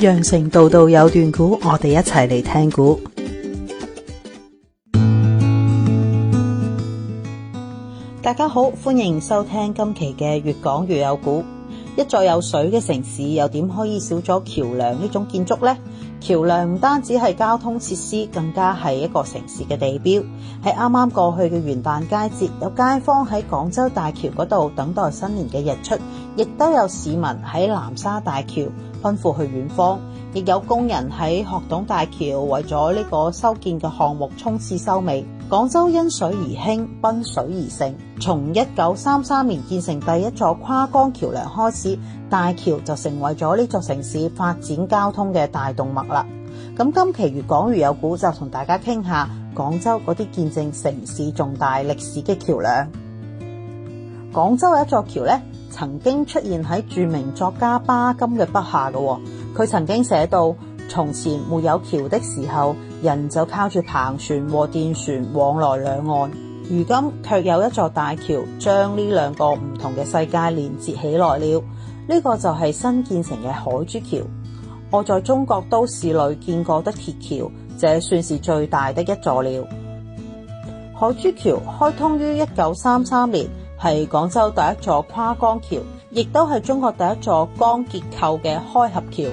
羊城道道有段古，我哋一齊嚟聽古。大家好，歡迎收聽今期嘅粵講粵有古。一座有水嘅城市，又點可以少咗橋梁呢種建築咧？橋梁唔單止係交通設施，更加係一個城市嘅地標。喺啱啱過去嘅元旦佳節，有街坊喺廣州大橋嗰度等待新年嘅日出，亦都有市民喺南沙大橋。奔赴去遠方，亦有工人喺鶴洞大橋為咗呢個修建嘅項目衝刺收尾。廣州因水而興，濱水而盛。從一九三三年建成第一座跨江橋梁開始，大橋就成為咗呢座城市發展交通嘅大動脈啦。咁今期粵講粵有古，就同大家傾下廣州嗰啲見證城市重大歷史嘅橋梁。廣州有一座橋呢。曾經出現喺著名作家巴金嘅筆下嘅、哦，佢曾經寫到：從前沒有橋的時候，人就靠住篷船和電船往來兩岸。如今卻有一座大橋將呢兩個唔同嘅世界連接起來了。呢、這個就係新建成嘅海珠橋。我在中國都市裏見過的鐵橋，這算是最大的一座了。海珠橋開通於一九三三年。係廣州第一座跨江橋，亦都係中國第一座鋼結構嘅開合橋。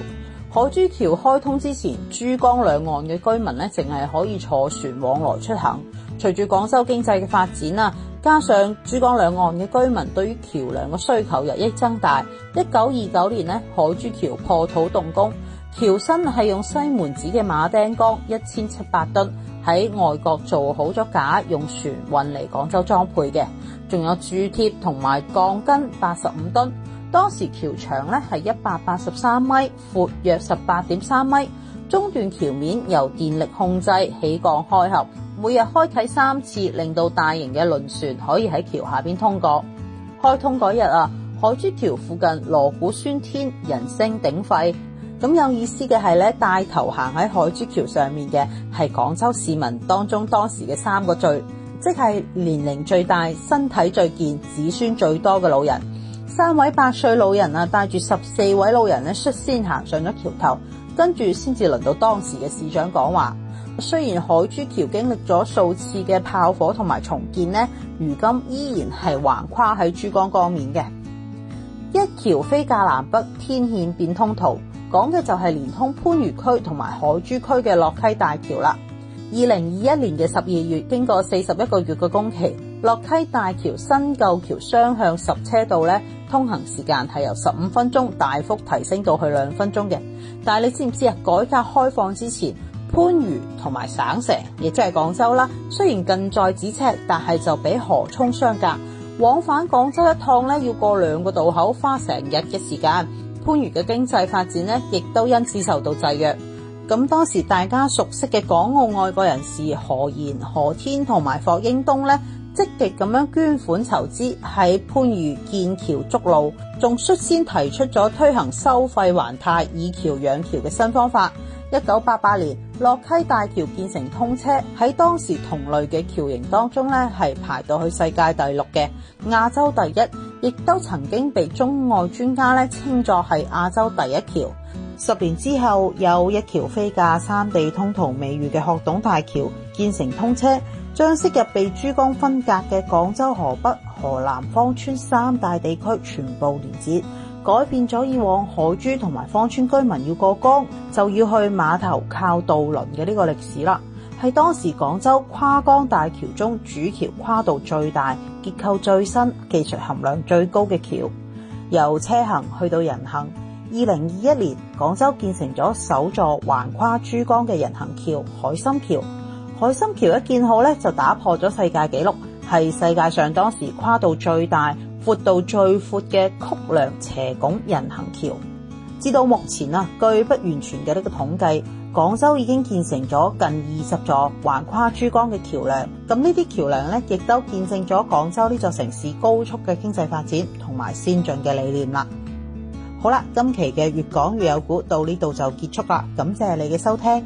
海珠橋開通之前，珠江兩岸嘅居民咧，淨係可以坐船往來出行。隨住廣州經濟嘅發展啦，加上珠江兩岸嘅居民對於橋梁嘅需求日益增大，一九二九年咧，海珠橋破土動工，橋身係用西門子嘅馬丁鋼，一千七百噸。喺外國做好咗架，用船運嚟廣州裝配嘅，仲有鑄鐵同埋鋼筋八十五噸。當時橋長咧係一百八十三米，闊約十八點三米。中段橋面由電力控制起降開合，每日開啟三次，令到大型嘅輪船可以喺橋下邊通過。開通嗰日啊，海珠橋附近鑼鼓喧天，人聲鼎沸。咁有意思嘅係咧，帶頭行喺海珠橋上面嘅係廣州市民當中當時嘅三個最，即係年齡最大、身體最健、子孫最多嘅老人。三位百歲老人啊，帶住十四位老人咧，率先行上咗橋頭，跟住先至輪到當時嘅市長講話。雖然海珠橋經歷咗數次嘅炮火同埋重建咧，如今依然係橫跨喺珠江江面嘅，一橋飛架南北，天塹變通途。講嘅就係連通番禺區同埋海珠區嘅洛溪大橋啦。二零二一年嘅十二月，經過四十一個月嘅工期，洛溪大橋新舊橋雙向十車道咧，通行時間係由十五分鐘大幅提升到去兩分鐘嘅。但係你知唔知啊？改革開放之前，番禺同埋省城，亦即係廣州啦，雖然近在咫尺，但係就俾河涌相隔，往返廣州一趟咧，要過兩個渡口，花成日嘅時間。番禺嘅經濟發展呢，亦都因此受到制約。咁當時大家熟悉嘅港澳愛國人士何賢、何天同埋霍英東呢，積極咁樣捐款籌資喺番禺建橋築路，仲率先提出咗推行收費還貸以橋養橋嘅新方法。一九八八年，洛溪大橋建成通車，喺當時同類嘅橋型當中呢，係排到去世界第六嘅亞洲第一。亦都曾經被中外專家咧稱作係亞洲第一橋。十年之後，有一橋飛架三地通途美譽嘅鶴洞大橋建成通車，將昔日被珠江分隔嘅廣州河北、河南、芳村三大地區全部連接，改變咗以往海珠同埋芳村居民要過江就要去碼頭靠渡輪嘅呢個歷史啦。係當時廣州跨江大橋中主橋跨度最大，結構最新、技術含量最高嘅橋，由車行去到人行。二零二一年，廣州建成咗首座橫跨珠江嘅人行橋——海心橋。海心橋一建好咧，就打破咗世界紀錄，係世界上當時跨度最大、闊度最闊嘅曲梁斜拱人行橋。至到目前啊，據不完全嘅呢個統計。廣州已經建成咗近二十座橫跨珠江嘅橋樑，咁呢啲橋樑咧亦都見證咗廣州呢座城市高速嘅經濟發展同埋先進嘅理念啦。好啦，今期嘅粵講粵有古到呢度就結束啦，感謝你嘅收聽。